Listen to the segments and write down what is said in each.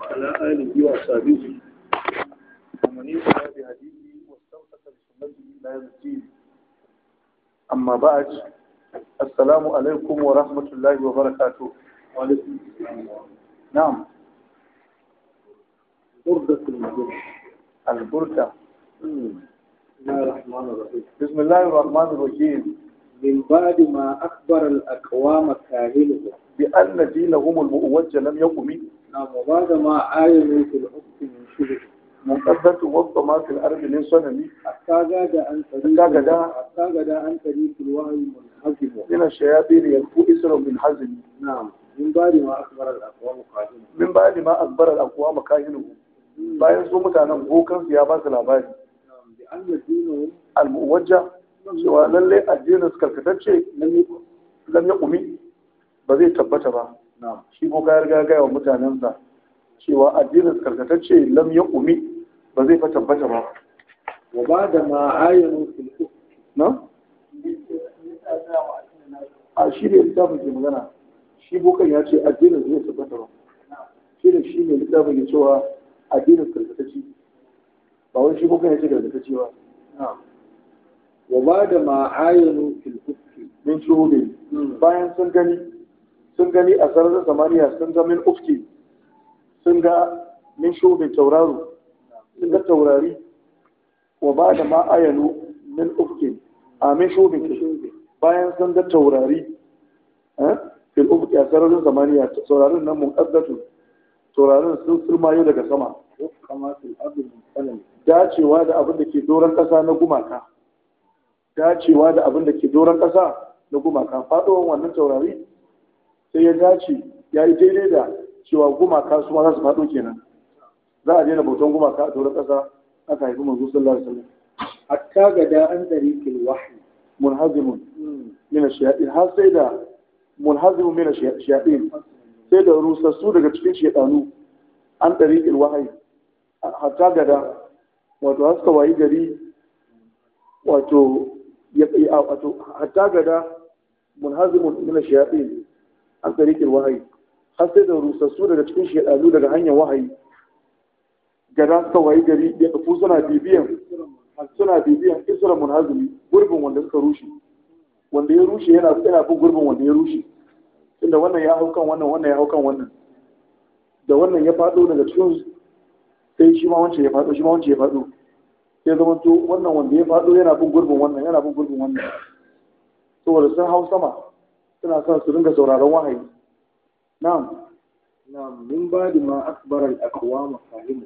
وعلى آله وأصحابه ومن يتبع بهديه واستمسك بسنته لا يوم أما بعد السلام عليكم ورحمة الله وبركاته وعليكم السلام نعم بردة المدينة البردة بسم الله الرحمن الرحيم بسم الله الرحمن الرحيم من بعد ما أخبر الأقوام كاهلهم bi anna dinahum al-mu'awwaj lam yaqumi na ba da ma ayatul fil hukm shirk في الأرض من صنمي أتاجد عن طريق أتاجد عن طريق الوحي منحزم من الشياطين يلقوا إسر من حزم نعم من بعد ما أكبر الأقوام كاهنه من بعد ما أكبر الأقوام bayan su mutanen bokan ya ba su labari al-muwajja cewa lalle addinin su karkatacce lam ya kumi ba zai tabbata ba shi boka ya riga gaya wa mutanensa cewa addinin karkatacce lam ya umi ba zai fa tabbata ba wa ba da ma ayyano filku umm. na a shi ne littafin ke magana shi bokan ya ce addinin zai tabbata ba shi ne shi ne littafin ke cewa addinin karkatacce ba wani shi bokan ya ce karkatacce ba wa ba da ma ayyano filku umm. min shuhudin hmm. bayan sun gani sun gani a sararin samaniya sun ga min ufki sun ga min shubin tauraro sun ga taurari wa ba da ma ayanu min ufki a min shubin bayan sun ga taurari eh, fil ufki a sararin samaniya taurarin nan mun ƙaddatu taurarin sun sulmayo daga sama dacewa da abin da ke doron ƙasa na gumaka dacewa da abin da ke doron ƙasa na gumaka faɗowar wannan taurari sai ya dace ya yi daidai da cewa gumaka su ma za su faɗo kenan za a daina bautan gumaka a tauran ƙasa aka haifi manzo sallallahu alaihi wasallam hatta ga da an tariqil wahyi munhazimun hmm. min ash-shayatin har sai da munhazimun min ash-shayatin sai da rusassu daga cikin shaytanu an tariqil wahyi hatta ga da wato haska wayi gari wato ya wato hatta ga da munhazimun min ash-shayatin an riƙe wahayi har sai da rusassu daga cikin shekaru daga hanyar wahayi gada suka wayi gari ya tafi suna bibiyan suna bibiyan isra munhazumi gurbin wanda suka rushe wanda ya rushe yana tsaya bin gurbin wanda ya rushe inda wannan ya hau kan wannan wannan ya hau kan wannan da wannan ya faɗo daga cikin sai shi ma wancan ya faɗo shi ma wancan ya faɗo sai zama to wannan wanda ya faɗo yana bin gurbin wannan yana bin gurbin wannan saboda sun hau sama suna son su dinga sauraron wahayi na'am na'am min ba'di ma akbar al-aqwam fahim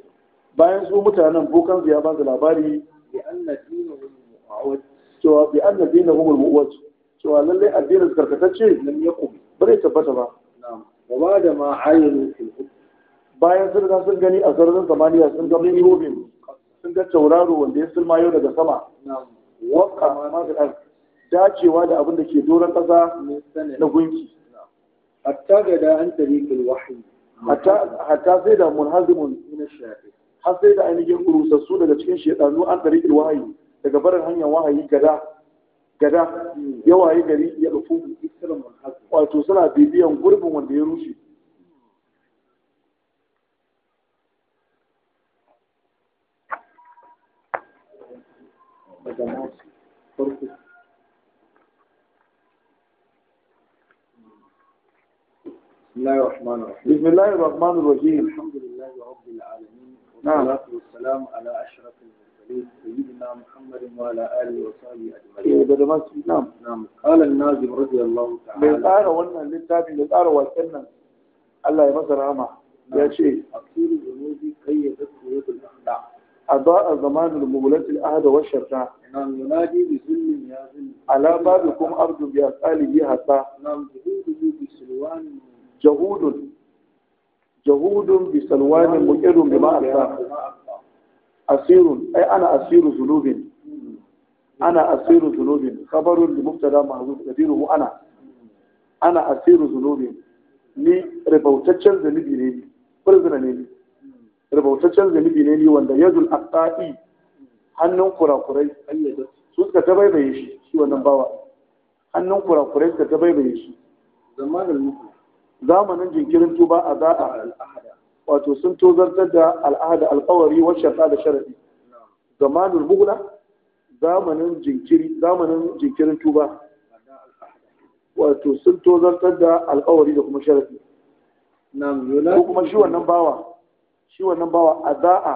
bayan su mutanen bukan ya ba su labari bi anna dinuhum mu'awwad cewa bi anna dinuhum mu'awwad cewa lalle addinin su karkatacce lam Bari bare tabbata ba na'am wa da ma ayyanu fil bayan sun riga sun gani a sararin samaniya sun ga mun sun ga tauraro wanda ya sulma yau daga sama waka ma da dacewa da abin da ke doron ƙasa na gunki hatta ga da an tare wahyi hatta sai da munhazimun min ash shafi. har sai da ainihin rusassu daga cikin shedanu an tare wahyi daga barin hanyar wahayi gada gada hmm. yawa yi gari ya rufu wato suna bibiyan gurbin wanda ya rushe Thank you. بسم الله الرحمن الرحيم بسم الله الرحمن الرحيم الحمد لله رب العالمين والصلاة نعم. والسلام على أشرف المرسلين سيدنا محمد وعلى آله وصحبه أجمعين إيه، نعم نعم قال الناظم رضي الله تعالى من قال وانا للتابع من قال والسنة الله يبصر عما يا شيء أكثر الذنوب قيدت قيود الأخلاق أضاء الزمان المغلة الأهد والشرع نعم ينادي بذل يا ذل على بابكم أرجو بأسأله حتى نعم ذهوده بسلوان jahudun jahudun بسلوان salwanin بما ma'asa أي أنا ana ذنوب zunubin ana ذنوب خبر khabarun معروف mubtada mahzuf أنا ana ana zunubin ni ribautaccen zanubi ne ni prisoner ne ni ribautaccen zanubi ne ni wanda aqta'i hannun kurakurai su suka ta shi shi wannan bawa hannun kurakurai suka ta shi zamanin mutum zamanin jinkirin tuba a za'a wato sun tozartar da al'ada alkawari wacce ta da sharadi zamanin jinkiri zamanin jinkirin tuba wato sun tozartar da alkawari da kuma sharadi ko kuma shi wannan bawa shi wannan bawa a za'a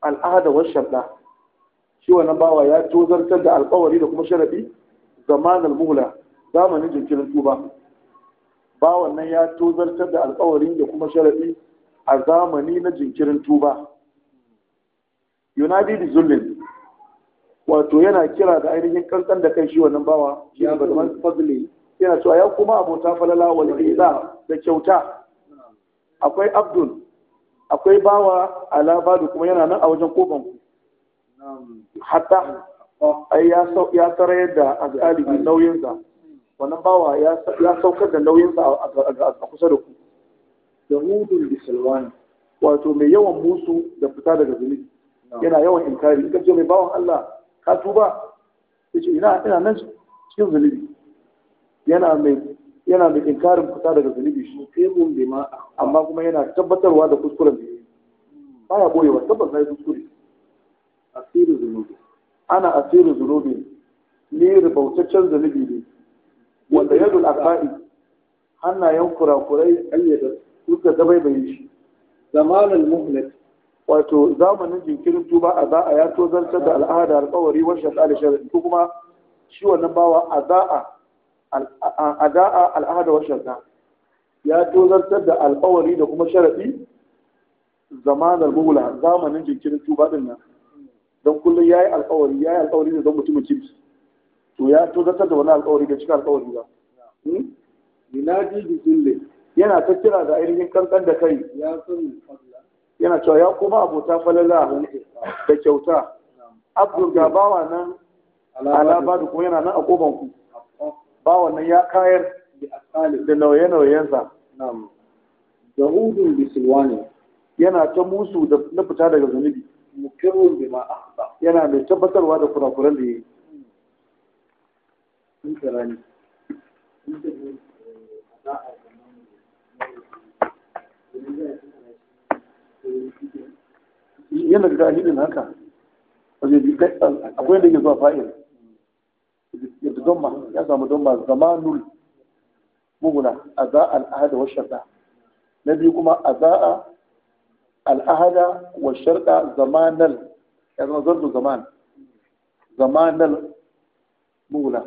al'ada wacce ta shi wannan bawa ya tozartar da alkawari da kuma sharadi Zamanin bugula, zamanin jinkirin tuba ba wannan ya tozartar da alkawarin da kuma sharaɗi a zamani na jinkirin tuba yunadi da zulmin wato yana kira da ainihin kankan da kai shi wannan bawa ne bazman fadli yana cewa ya kuma abota falala wal iza da kyauta akwai abdul akwai bawa alabadu kuma yana nan a wajen kofan hatta ai ya sarayar da alƙalibi nauyinsa wannan bawa ya saukar da nauyinsa a kusa da ku da hudun bisalwani wato mai yawan musu da fita daga zunubi yana yawan inkari ga ka ce mai bawan Allah ka tuba ya ce ina ina nan cikin zunubi yana mai yana mai inkarin fita daga zunubi shi kai mun bi ma amma kuma yana tabbatarwa da kuskuren da yake hmm. baya boyewa tabbas sai kuskure asiru zunubi ana asiru zunubi ni rubutaccen zunubi ne wanda yadul akba'i hannayen kurakurai ayyada suka bai shi Zamanin muhlet wato zamanin jinkirin tuba a za'a ya tozartar da al'ada alƙawari wa shaƙa shari'i ko kuma shi wannan bawa a za a al'ada wa shaƙa ya tozartar da alƙawari da kuma sharaɗi zamanin muhla zamanin jinkirin tuba din nan don kullum ya yi alƙawari ya yi alƙawari da zan mutumin kirki to ya tozartar da wani alƙawari da cikin alƙawari ba yunadi hmm? bi kulli yana ta kira da ainihin kankan da kai ya sani yana cewa ya koma abota falala da kyauta abdul gabawa bawa nan alaba da kuma yana nan a koban ku bawan nan ya kayar da nauye-nauyensa jahudun bi silwani yana ta musu da na fita daga zunubi mukirun bi ma yana mai tabbatarwa da kurakuran da ya yi yana da jahilin haka akwai da ke zuwa fa'il yadda donma ya samu donma zamanul muguna a za al'ahada wa sharda na biyu kuma a za al'ahada wa sharda zamanal ya zama zardu zaman zamanal muguna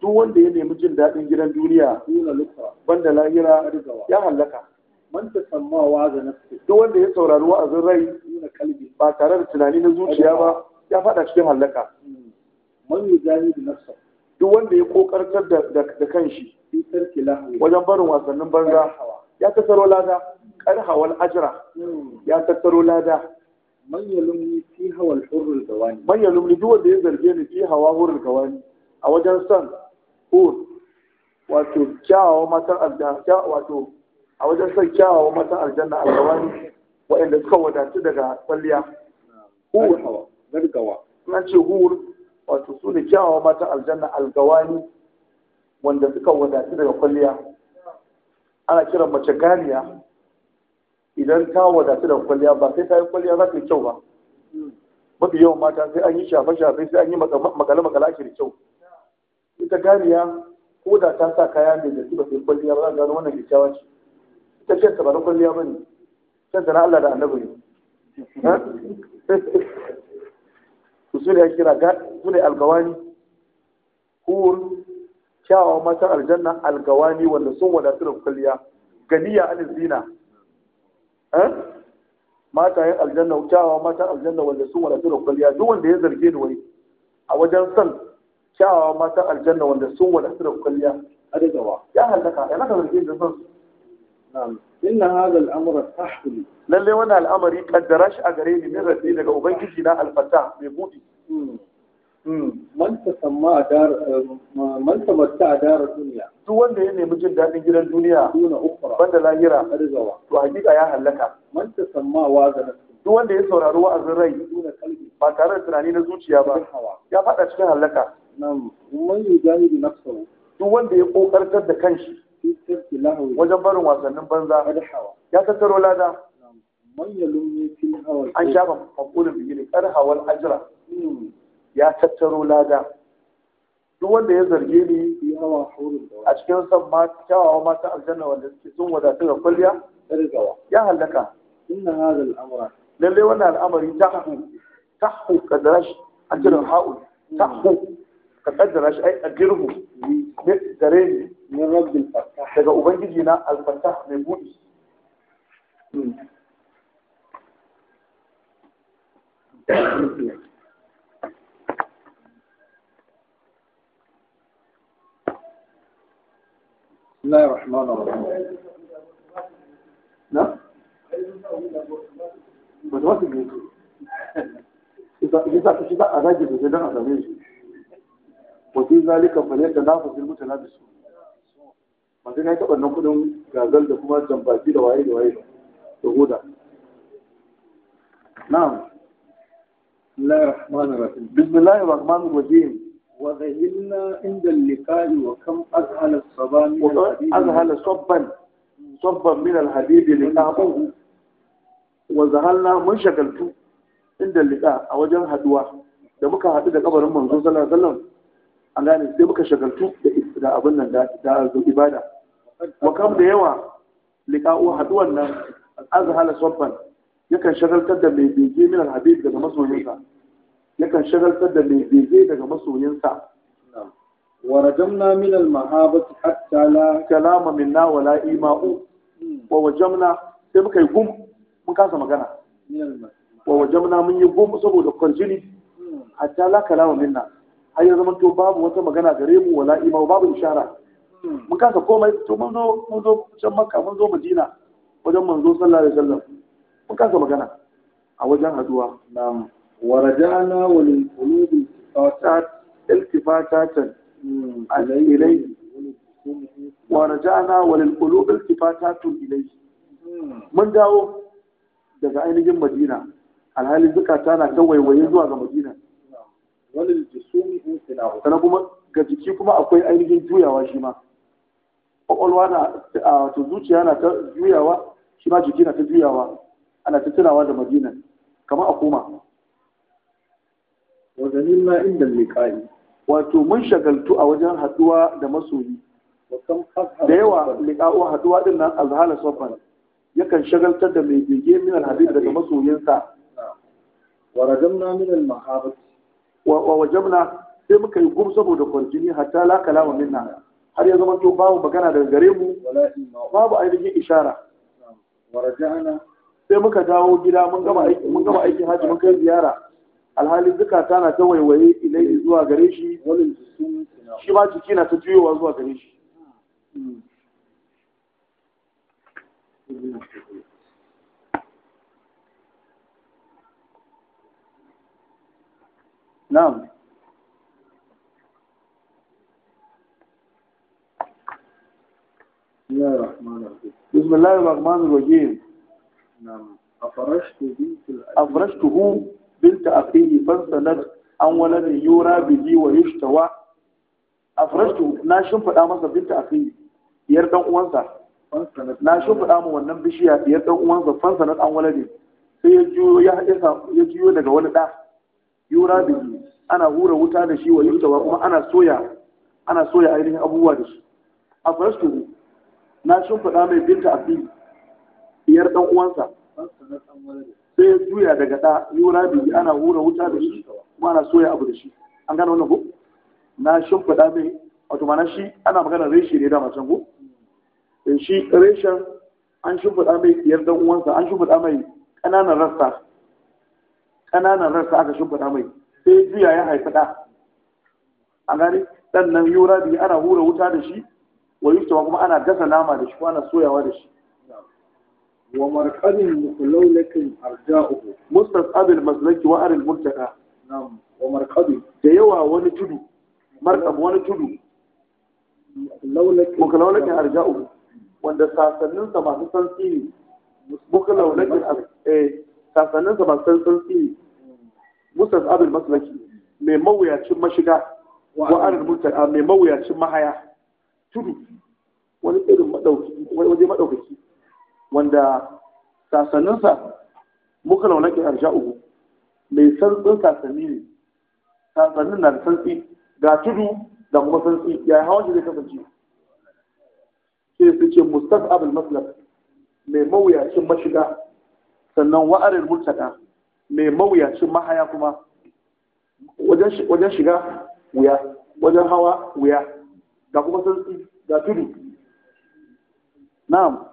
duk wanda ya nemi jin daɗin gidan duniya banda lahira ya hallaka man ta samma wa'aza nafsi duk wanda ya saurari wa'azin rai ba tare da tunani na zuciya ba ya faɗa cikin hallaka hmm. man da nafsa duk wanda ya ƙoƙartar da kanshi wajen barin wasannin banza ya tattaro lada hawan ajira. Hmm. ya tattaro lada man lumni fi gawani man duk wanda ya zarge ni fi hawa hurrul gawani a wajen son hur wato kyawawa matan aljanna wato a wajen son kyawawa matan aljanna a gabani waɗanda suka wadatu daga kwalliya hur gargawa na ce hur wato su ne kyawawa matan aljanna algawani wanda suka wadatu daga kwalliya ana kiran mace ganiya idan ta wadatu daga kwalliya ba sai ta yi kwalliya za ta yi kyau ba mafi yawan mata sai an yi shafe-shafe sai an yi makale-makale ake da kyau ita gariya ko da ta sa kaya mai su ba sai kwalliya ba za a gano wannan kyakkyawa ce ita ce ba na kwalliya ba ne ta na Allah da annabi ne su ne ya kira su ne algawani hur kyawawan matan aljanna algawani wanda sun wadatu da kwalliya ganiya alin zina matayen aljanna kyawawan matan aljanna wanda sun wadatu da kwalliya duk wanda ya zarge ni wai a wajen san kyawawa matan aljanna wanda sun wadatu da kwalliya adagawa ya hallaka ya naka zargi da son inna hadha al-amra sahli lalle wannan al'amari kaddara shi a gare ni min rabbi daga ubangiji na al mai budi hmm. hmm. man tasamma dar man tamatta dar duniya duk wanda ya nemi jin daɗin gidan duniya duna ukhra banda lahira adagawa to hakika ya hallaka. man tasamma wa zanat duk wanda ya saurari wa'azin rai ba tare da tunani na zuciya ba ya faɗa cikin hallaka. Nam, man yi jahidu nafsahu. Duk wanda ya ƙoƙartar da kanshi. Wajen barin wasannin banza. Ya tattaro lada. Man ya lumni fil An shafa makulin biyu ne hawan ajira. Hmm. Ya tattaro lada. Duk wanda ya zarge ni a cikin son kyawawa mata aljanna wanda suke sun wadatu da kwalliya. Ya hallaka. Inna hadha al-amra. Lalle wannan al'amari ta tahqu kadarash ajrun ha'u tahqu قدم اش اي اجره لدرين من رب الفتاح لقد أبنجينا الفتاح من بوئس بسم الله الرحمن الرحيم نعم؟ بدوات الجنة إذا إذا إذا أراجع بجنة أنا ميزي wafi zalika faliyar da na fasil da bisu masu kai taɓa nan kudin gazal da kuma jambaki da waye da waye da huda na'am بسم الله الرحمن الرحيم وذهلنا عند اللقاء وكم أذهل الصبا أذهل صبا صبا من الحديد لقاءه وذهلنا من شكلته عند اللقاء أوجه da muka haɗu da kabarin manzo sallallahu alaihi wasallam an gane sai muka shagaltu da abin nan da ibada wa kam da yawa liqa'u haduwan nan azhala sabban yakan shagaltar da mai bege min alhabib daga masoyinsa yakan shagaltar da mai bege daga masoyinsa wa rajamna min hatta la kalama minna ima'u wa wajamna sai muka yi gum mun kasa magana wa wajamna mun yi gum saboda kwarjini hatta la kalama minna har yanzu zama to babu wata magana gare mu wala ima babu ishara hmm. mun kasa komai to mun zo mun zo can makka mun zo madina wajen manzo sallallahu alaihi wasallam mun kasa magana a wajen haduwa na'am warajana walil qulubi fatat iltifatatan hmm. ilayhi warajana walil qulubi iltifatatun ilayhi hmm. mun dawo daga ainihin madina alhali zukata na ta waiwaye zuwa ga madina wani jisumi in sinahu sannan kuma ga jiki kuma akwai ainihin juyawa shi ma kwakwalwa na to zuciya na ta juyawa shi ma jiki na ta juyawa ana ta tunawa da madina kamar a koma Wata zanilla inda liqa'i wato mun shagaltu a wajen haduwa da masoyi da yawa liqa'u haduwa din nan azhala sabban yakan shagaltar da mai bege min alhabib daga masoyinsa wa radamna min almahabati wa wajabna sai muka yi gum saboda kwarjini hatta la kalama minna har ya zama to babu magana daga gare mu babu ainihin ishara sai muka dawo gida mun gama aiki mun gama aikin haji mun kai ziyara alhali zuka tana ta waiwaye ilai zuwa gare shi shi ma jiki na ta juyowa zuwa gare shi hmm. نعم يا رحمن الرحيم بسم الله الرحمن الرحيم نعم أفرشت بنت أفرشته بنت أخيه فانسلت عن ولد يورى به ويشتوى أفرشته ناشم فأمس بنت أخيه يردن أوانسا ناشم فأم ونم بشيها يردن أوانسا فانسلت عن ولد sai ya juyo daga wani ɗa yura da yi ana hura wuta da shi wa yutawa kuma ana soya ana soya ainihin abubuwa da shi a farsu na shimfiɗa mai binta abdi biyar ɗan uwansa sai ya juya daga ɗa yura da yi ana hura wuta da shi kuma ana soya abu da shi an gane wannan ko na shimfiɗa mai wato mana shi ana magana reshe ne da macen ko eh, shi reshen an shimfiɗa mai biyar ɗan uwansa an shimfiɗa mai ƙananan rassa ƙananan rassa aka shimfiɗa mai sai juya ya haifi ɗa a gani ɗan nan yura biyu ana hura wuta da shi wa yustawa kuma ana gasa nama da shi ko ana soyawa da shi wa marqadin mukulaulakin arja'uhu abin maslaki wa arin murtaka wa marqadin da yawa wani tudu marqab wani tudu mukulaulakin arja'uhu wanda sasanninsa masu santsi ne mukulaulakin eh sasanninsa masu santsi ne musas abul maslaki mai mawuyacin mashiga wa arin mutaka mai mawuyacin mahaya tudu wani irin waje madaukaki wanda sasanninsa muka launa ke harsha uku mai santsin sasanni ne sasannin na da santsi ga tudu da kuma santsi ya yi hawan shi zai kasance Ke su ce mustaf abul maslak mai mawuyacin mashiga sannan wa'arin mutaka mai mawuyacin mahaya kuma wajen shiga wuya wajen hawa wuya ga kuma santsi ga tudu na'am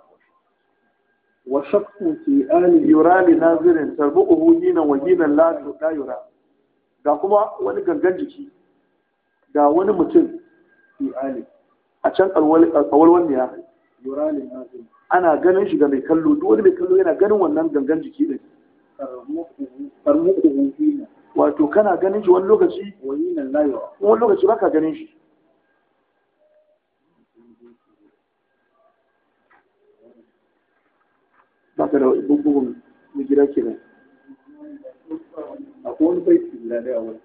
wa shakku ke ali yura zirin nazirin tarbuhu hinan wa hinan la la yura ga kuma wani gangan jiki ga wani mutum ke ali a can wani ya yura na zirin ana ganin shi ga mai kallo duk wani mai kallo yana ganin wannan gangan jiki ne. wato kana ganin shi wani lokaci wani wani lokaci baka ganin shi baka da bugun gida nan akwai wani bai su guda da wani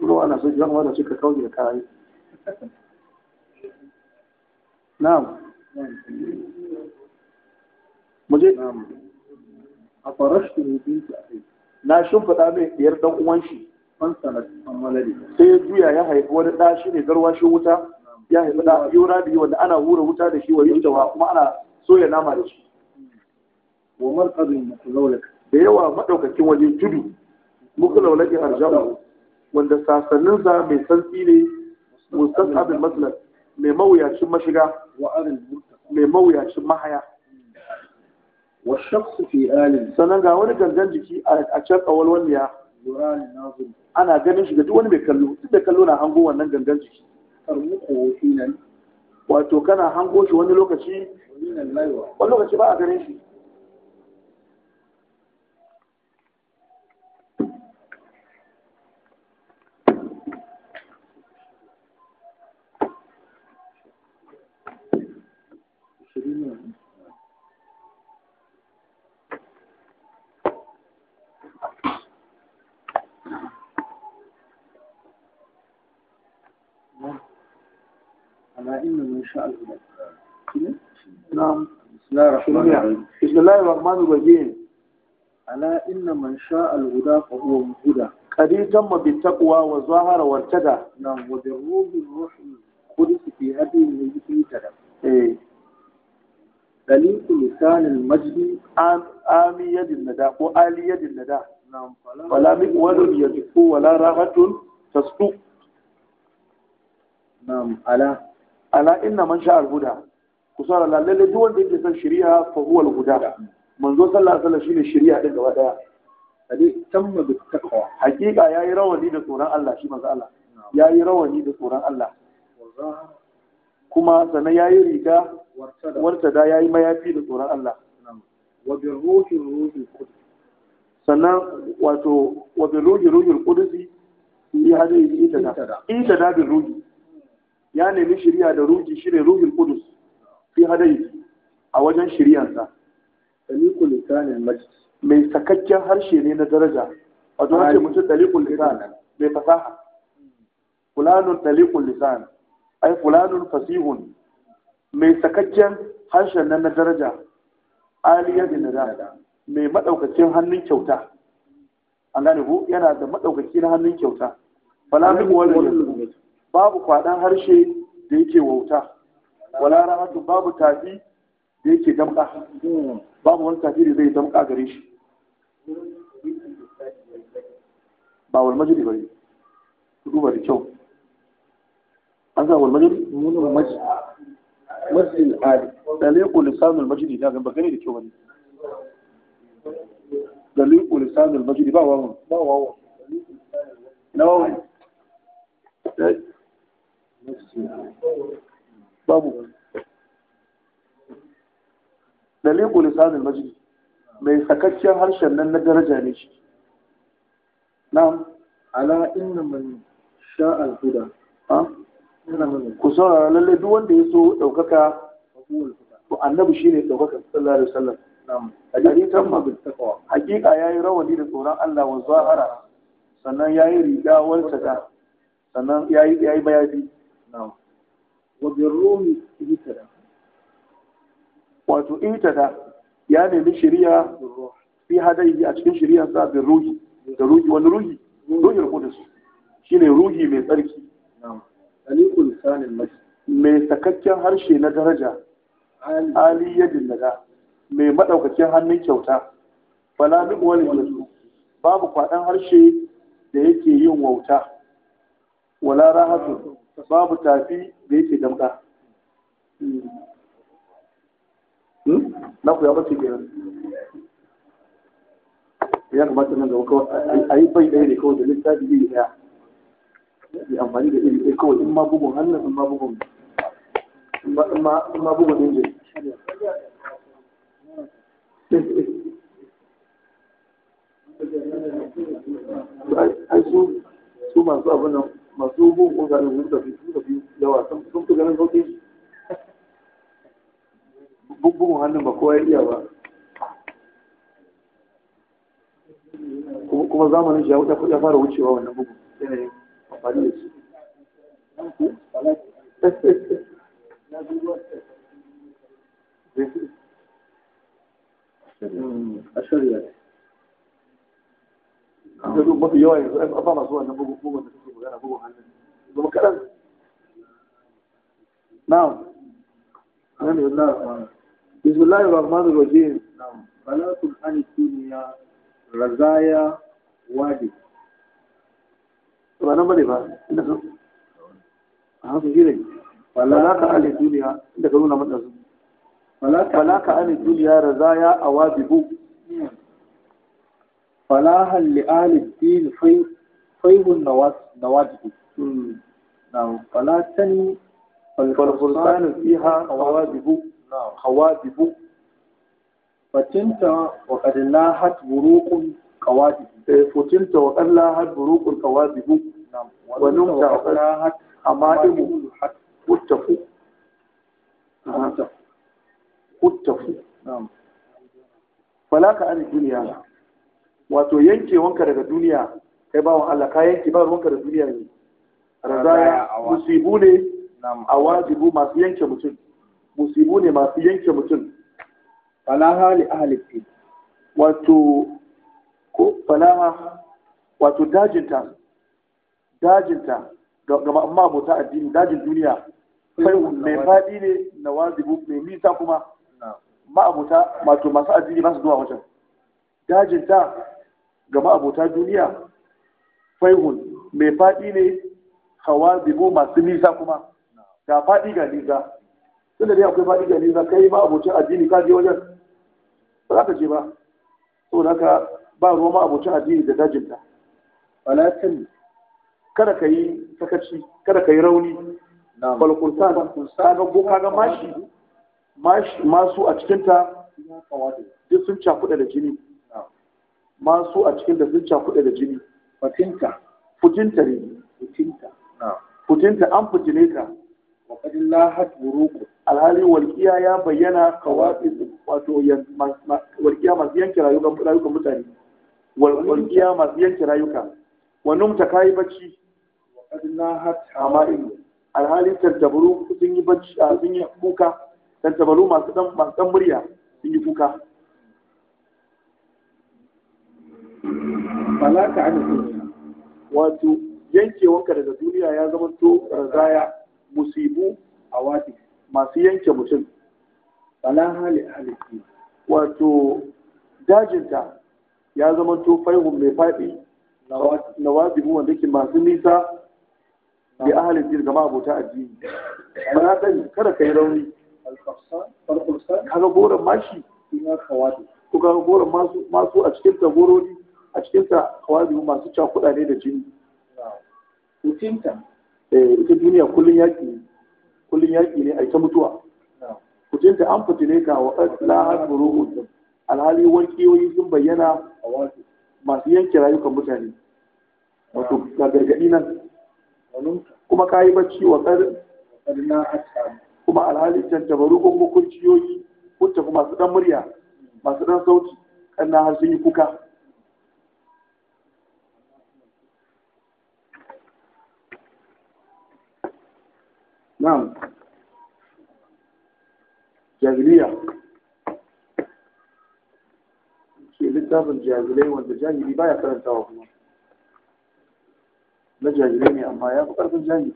ruwa na so jiran wanda suka kauye da kayan na uwan shi sai juya ya haifi wani ɗa shi ne garwashi wuta ya wanda ana hura wuta da shi wa kuma ana soya nama da shi wa marqadin mutazawlak da yawa madaukakin waje tudu wanda sasanninsa mai santsi ne mustaqabil maslak mai mawuyacin mashiga mai mawuyacin mahaya wa shaksu fi alin sannan ga wani gangan jiki a can wani ya ana ganin shi duk wani mai kallo duk da kallo na hango wannan gangan jiki wato kana hango shi wani lokaci wani lokaci ba a ganin shi على إنه إن شاء الله نعم بسم الله الرحمن يعني؟ الرحيم بسم الله الرحمن الرحيم على إن من شاء الهدى فهو مهدى قد تم بالتقوى والظاهر والتدى نعم وبالروح الروح القدس في هدي النبي تدى إيه دليل لسان المجد آم آم يد الندى وآل يد الندى نعم فلا مقول يدفو ولا راغة تصدق نعم على ala inna man sha'al huda ku sa Allah lalle duk wanda yake son shari'a fa huwa al-huda manzo sallallahu alaihi wasallam shine shari'a din gaba daya hadi tamma bi taqwa hakika yayi rawani da tsoron Allah shi manzo Allah yayi rawani da tsoron Allah kuma sanan yayi riga wartada yayi mayafi da tsoron Allah wa bi ruhi ruhi qudus sannan wato wa bi ruhi ruhi qudus yi da ita da ita da bi ruhi ya nemi shiriya da ruhi shine ruhin kudus fi hadari a wajen shiriyansa daliku lisanin mai sakakken harshe ne na daraja wato ce mutum daliku lisan mai fasaha Kulanun daliku lisan ai kulanun fasihun mai sakakken harshen nan na daraja aliyar da mai maɗaukacin hannun kyauta an gane ku yana da maɗaukaki na hannun kyauta falamin wani babu kwaɗan harshe da yake wauta wala rahatu babu tafi da yake damƙa babu wani tafi da zai damƙa gare shi ba wal majidi ne, ku duba da kyau an sa wal majidi munin majidi masjid ali daliqu lisanul majidi da ga bagani da kyau bane daliqu lisanul majidi ba wawan ba wawan na wawan babu daliku lisanin majid mai sakakken harshen nan na daraja ne shi na'am ala inna man sha al-huda ku saurara lalle duk wanda ya so ɗaukaka to annabi shine ɗaukaka sallallahu alaihi wasallam hadisan ma bil taqwa hakika rawani da tsoron Allah wa zahara sannan ya riga wal sada sannan ya yi bayafi wa birrumi ita wato ihtada ya nemi shari'a fi hadayi a cikin shari'a sa bin ruhi da ruhi wani ruhi su? Shi ne ruhi mai tsarki alikul mai sakakken harshe na daraja ali yadin daga mai madaukakin hannun kyauta Bala duk wani yanzu babu kwaɗan harshe da yake yin wauta wala rahatu babu tafi da yake damka hmm? na ku ya bace kenan ya kamata nan da kawai a yi bai ɗaya ne kawai da littafi iri ɗaya yi amfani da iri ɗaya kawai in ma bugun hannun in ma bugun in ma bugun injin ai su masu abin nan masu gun ƙungarin sun tafi tafi yawa sun fi ganin hannun ba kowa iya ba kuma zamanin shi ya fara wucewa wannan bugun yanayin amfani da shi ashirya mafi yawa yanzu ba masu wannan magana bugun hannu zama بسم الله الرحمن الرحيم فلا عن الدنيا رزايا واجب wannan bane ba inda kan a hankali shi wala ka alin duniya inda ka nuna mata wala ka alin duniya razaya faibun nawajibi na hmm. falatan falfulsanu fiha kawabibu kawabibu fatinta wa kadilla hat burukun kawabibu eh, fatinta wa kadilla hat burukun kawabibu wa numta wa kadilla hat amadimu muttafu muttafu falaka an duniya wato yankewanka daga duniya kai bawan Allah ka yanki ba ruwanka da duniya ne razaya musibu ne a wajibu masu yanke mutum musibu ne masu yanke mutum falaha li ahlifi wato ko falaha wato dajinta dajinta ga ma'amma abota addini dajin duniya mai faɗi ne na wajibu mai nisa kuma ma'abota wato masu addini ba su zuwa wajen dajinta ga ma'abota duniya faihun mai faɗi ne hawa zibo masu nisa kuma ga faɗi ga nisa tunda dai akwai faɗi ga nisa kai ma abocin addini ka je wajen ba za ka je ba da ka ba ruwa ma abocin addini da dajinta walakin kada ka yi sakaci kada ka yi rauni balkursan kaga ko ga mashi masu a cikinta duk sun cakuɗa da jini masu a cikin da sun cakuɗa da jini fatinta fitinta ne fitinta fitinta an fitine ka wa kadin lahat buruku alhali walƙiya ya bayyana kawafi wato walƙiya masu yanke rayukan mutane walƙiya masu yanke rayuka wannan ta kayi bacci wa kadin lahat hama'in alhali tantabaru sun yi bacci ah, sun yi kuka tantabaru masu dan murya sun yi kuka malaka an duniya wato yankewanka daga duniya ya zama to razaya musibu a wati masu yanke mutum bala hali halitti wato dajinta ya zama to faihun mai faɗi na wajibu wanda ke masu nisa bi ahalin jin gama abota addini Na sani kada ka yi rauni kaga goron mashi ko kaga goron masu a cikin tagorori a cikinsa kawai masu cakuɗa ne da jini mutunta eh, ita duniya kullum yaƙi ne yaki ne a ita mutuwa mutunta an fitile ka wa lahar ruhu alhali warkiyoyi sun bayyana masu yanke rayukan mutane wato ga gargaɗi nan kuma ka yi bacci wa ƙarna kuma alhali tantabaru ko kuma kurciyoyi kun tafi masu ɗan murya hmm. masu ɗan sauti ƙanna har sun yi kuka جاهلية شيء لتاب الجاهلية والجاهلية باية كانت توقفنا لا جاهلية أما يا بقرة الجاهلية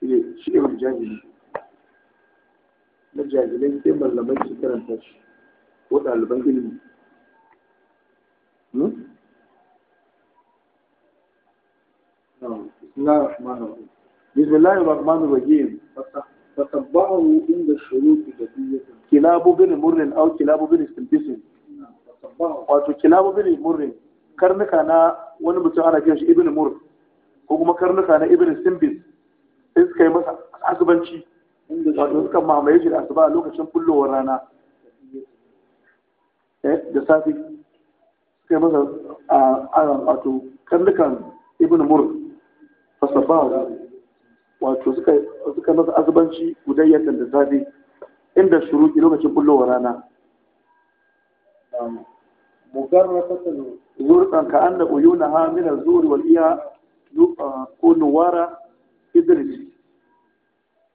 شيء شيء الجاهلية لا جاهلية تيما لما يجي كانت نعم. بسم الله الرحمن الرحيم فتبعه عند الشروط جدية كلاب بن مر أو كلاب بن استنبس wato kilabu bin murrin karnuka na wani mutum ana kiran shi ibn mur ko kuma karnuka na ibn simbis sai suka yi masa asubanci wato suka mamaye shi da asuba a lokacin bullowar rana da safi suka yi masa a wato karnukan ibn mur fasabawa wato suka masa azubanci gudayyar da safe inda ke lokacin bullowa rana mugarrafatan zurqan ka anna uyunaha ha mina zuri wal iya ah, ko nuwara idris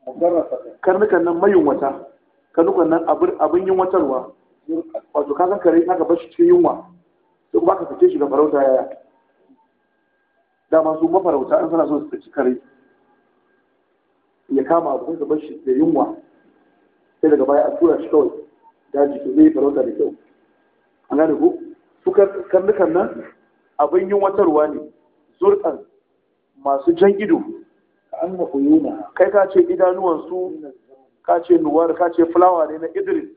mugarrafatan karnukan nan mayun wata karnukan nan abin yin watarwa wato ka san kare aka bar shi cikin yunwa sai ba ka fice shi ga farauta yaya dama su mafarauta an sana so su ci kare ya kama abu gaban shi da yunwa sai daga baya a tura shi kawai daji to zai farauta da kyau an gane ko su karnukan nan abin yunwatarwa ne zurkan masu jan ido an ga kuyuna kai ka ce su ka ce nuwar ka ce fulawa ne na idris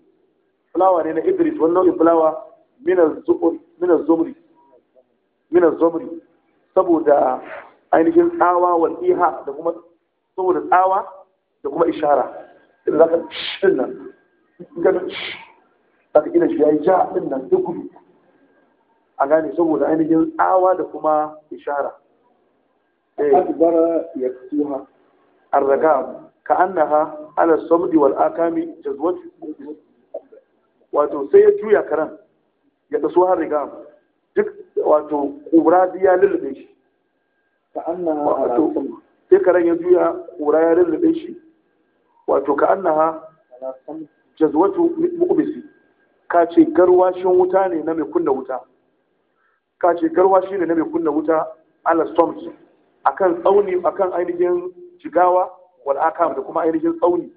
fulawa ne na idris wani nau'in fulawa minas zomri minas zumri saboda ainihin tsawa wal iha da kuma saboda tsawa da kuma ishara in za ka shi nan in ka za ka ina shi ya yi ja ɗin nan duk gudu a gane saboda ainihin tsawa da kuma ishara eh. akbara ya fi ha arzaka ka an na ha ala samdi wal akami jazwat wato sai ya juya karan ya taso har riga duk wato kubra ya lullube shi ka annaha wato sai karen ya juya kura ya rinluɗe shi wato ka annaha jazwatu mukubisi ka ce garwashin wuta ne na mai kunna wuta ka ce garwashi ne na mai kunna wuta ala A akan tsauni akan ainihin jigawa wal akam da kuma ainihin tsauni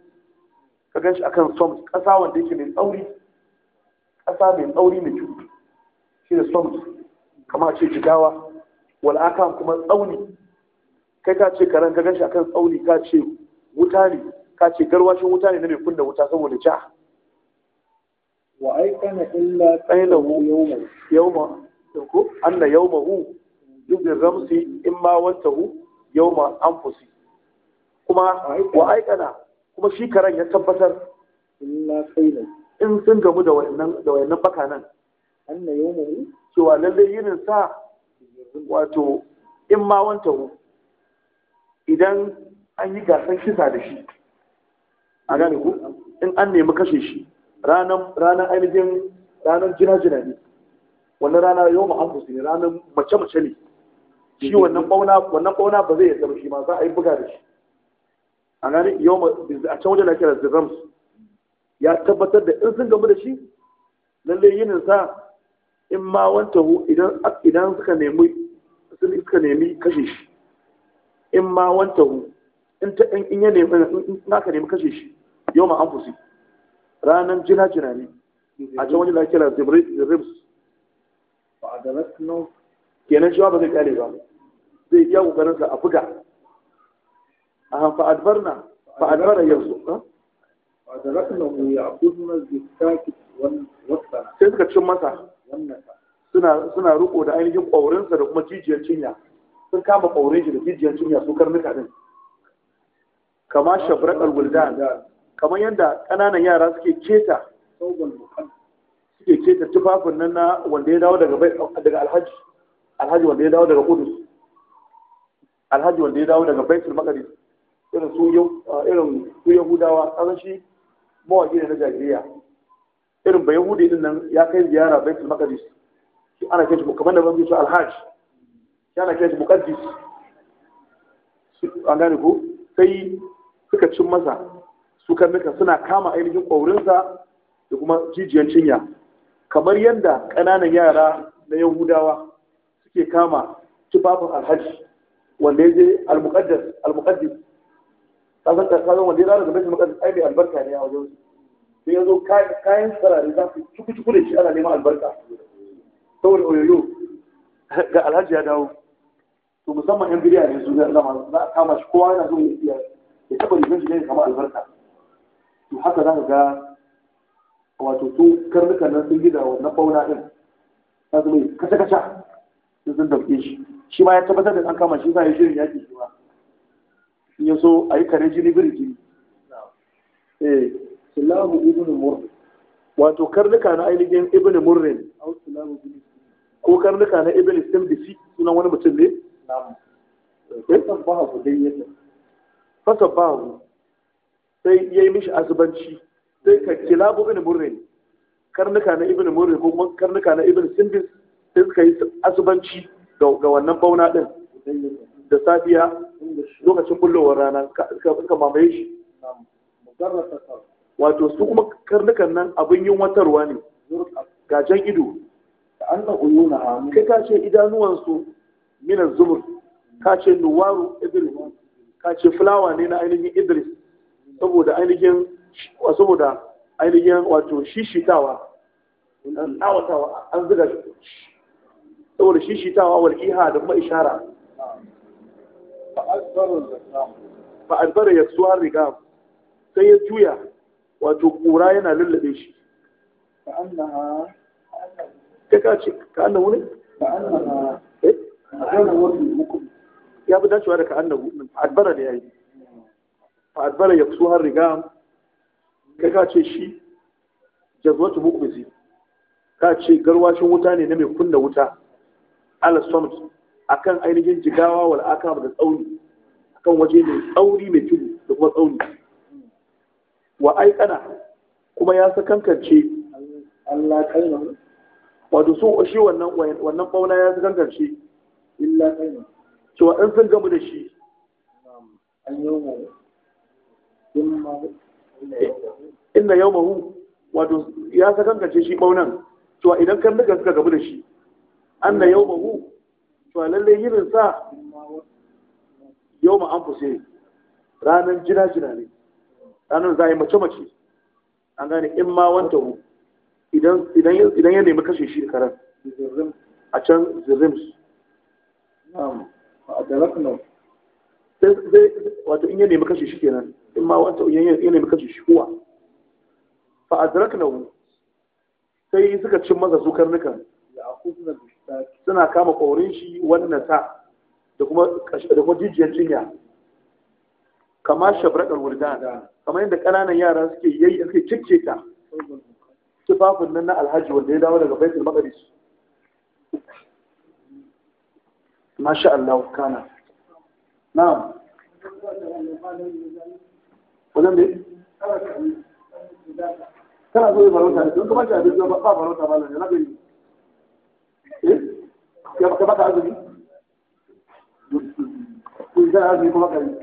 ka ganshi akan storms ƙasa wanda yake mai tsauri ƙasa mai tsauri mai cutu shi da storms kama ce jigawa wal akam kuma tsauni kai ka ce karen ka gashi akan tsauni ka ce wuta ne ka ce garwashin wuta ne na mai kunna wuta saboda ja wa ai kana illa tsailahu hu yawma ko anna yawmahu yubni ramsi imma wantahu yawma anfusi kuma wa ai kana kuma shi karen ya tabbatar illa tsailahu in sun gamu da wayannan da wayannan bakanan anna hu cewa lalle yinin sa wato in ma hu. idan an yi gasan kisa da shi a gane ku in an nemi kashe shi ranar ainihin ranar jina-jina ne wannan rana yau ma'amfus ne ranar mace-mace ne shi mhm. wannan bauna ba zai zama shi ma za a yi buga da shi a gane yau a can wajen lafiya da rams ya tabbatar da in sun gamu da shi lallai yinin sa in ma wanta idan suka nemi kashe shi in ma wanta hu in ta in ya nemi in aka nemi kashe shi yau ma an fusi ranan jina jina ne a can wani lafiya da rims ba a da kenan shi ba zai kare ba zai iya kokarin sa a buga a fa adbarna fa adbara yanzu fa adraknahu ya'khuduna bi-sakit wal-wasana sai suka cin masa suna suna riko da ainihin ƙwaurinsa da kuma jijiyar cinya sun kama ƙaure shi da jijiyar cinya su karnuka din kama shabraqal wuldan kamar yadda ƙananan yara suke keta suke keta tufafin nan na wanda ya dawo daga alhaji alhaji wanda ya dawo daga kudus alhaji wanda ya dawo daga baitul makari irin su irin su yahudawa shi mawaki ne na jahiliya irin ba yahudi din nan ya kai ziyara baitul makari ana kai shi kamar da ban shi alhaji yana kira shi muqaddis an gane ku. sai suka cin masa su karnuka suna kama ainihin ƙwaurinsa da kuma jijiyar cinya kamar yadda ƙananan yara na yahudawa suke kama tufafin alhaji wanda ya je almuqaddas almuqaddis kasan kasan wanda ya zara da bashi muqaddas ai bai albarka ne a wajen sai ya zo kayan sarari za su cuku cuku da shi ana neman albarka saboda oyoyo ga alhaji ya dawo to musamman yan biriya ne su da zama za a kama shi kowa yana zuwa ya biya ya taɓa rigar shi ne kama albarka to haka za ka ga wato su karnukan nan sun gida wannan bauna ɗin ta zama kasa-kasa sun sun dauke shi shi ma ya tabbatar da an kama shi za a yi shirin yaƙi shi ma in ya so a yi kare jini jini eh silahu ibn murrin wato karnuka na ainihin ibn murrin ko karnuka na ibn simbisi sunan wani mutum ne fasa bahu sai ya yi mishi azubanci sai ka kilabu ibn murri karnuka na ibn murri ko kuma karnuka na ibn sindis sai suka yi azubanci ga wannan bauna din da safiya lokacin bullowar rana ka mamaye shi wato su kuma karnukan nan abin yin watarwa ne gajen ido kai ka ce idanuwansu min zumur ka ce nuwaru idris ka ce fulawa ne na ainihin idris saboda ainihin saboda ainihin wato shishitawa an awatawa an zuga shi saboda shishitawa wal iha da kuma ishara fa adbara ya suwa riga sai ya juya wato kura yana lullube shi ka ka ce ka annahu ne ka annaha ya fi dacewa da ka annabu fa'adbara da ya yi fa'adbara ya fi har riga ka ce shi jazwatu mukmisi ka ce garwashin wuta ne na mai kunna wuta ala somit akan ainihin jigawa wal akam da tsauni akan waje mai tsauri mai tudu da kuma tsauni wa ai aikana kuma ya sakankance Allah kalma wato so shi wannan wannan bauna ya sakankance illa kaina cewa in sun gamu da shi inna yau mahu wato ya ce shi ɓaunan cewa idan kan daga suka gamu da shi an na yau mahu cewa lallai yirin sa yau ma an fuse ranar jina-jina ne ranar za a yi mace-mace an gane in ma wanta hu idan ya nemi kashe shi karan a can zirims wato in ya nemi kashe shi kenan in ma wata ya nemi kashe shi kuwa fa adraknahu sai suka cin masa su karnukan suna kama ƙorin shi wannan ta da kuma jijiyar jinya kama shabrakal wurdan kamar yadda kananan yara suke yayi suke cicceta tufafin nan na alhaji wanda ya dawo daga baitul maqdis ما Allah الله كان نعم ne kana so yi barauta ne don kuma shi abin ba barauta ba lalle na gari eh ya baka baka azumi ko idan azumi kuma kai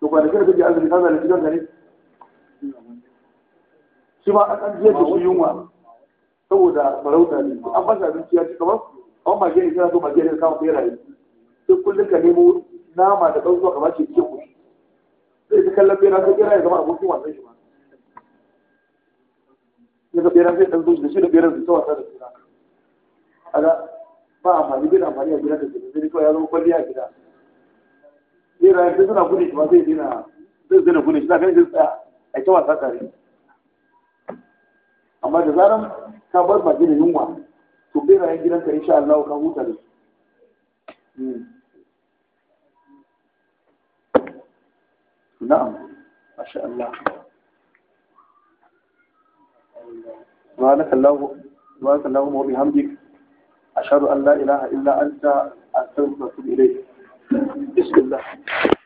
to ba da kake azumi kana da gidan gari shi ma an je da yunwa saboda barauta ne an ba shi abinci ya ci an mage ne suna so mage ne samun beraye sai kullum ka nemo nama da ɗan zuwa kamar ce ke kuɗi Zai ta kallon bera sai bera ya zama abokin wasan shi ma ya ga bera sai ɗan zuwa da shi da bera zai ta wasa da bera kaga ba amfani bai da amfani a gida da gida sai kawai ya zama kwalliya a gida bera ya suna gudun shi ma zai dina zai dina gudun shi za ka ne zai tsaya a ita wasa tare amma da zaran ka bar mage yunwa to berayen gidanka insha Allah ka huta ne hmm. na'am masha Allah wa laka Allah wa bihamdik ashhadu an la ilaha illa anta astaghfiruka wa atubu ilayk بسم الله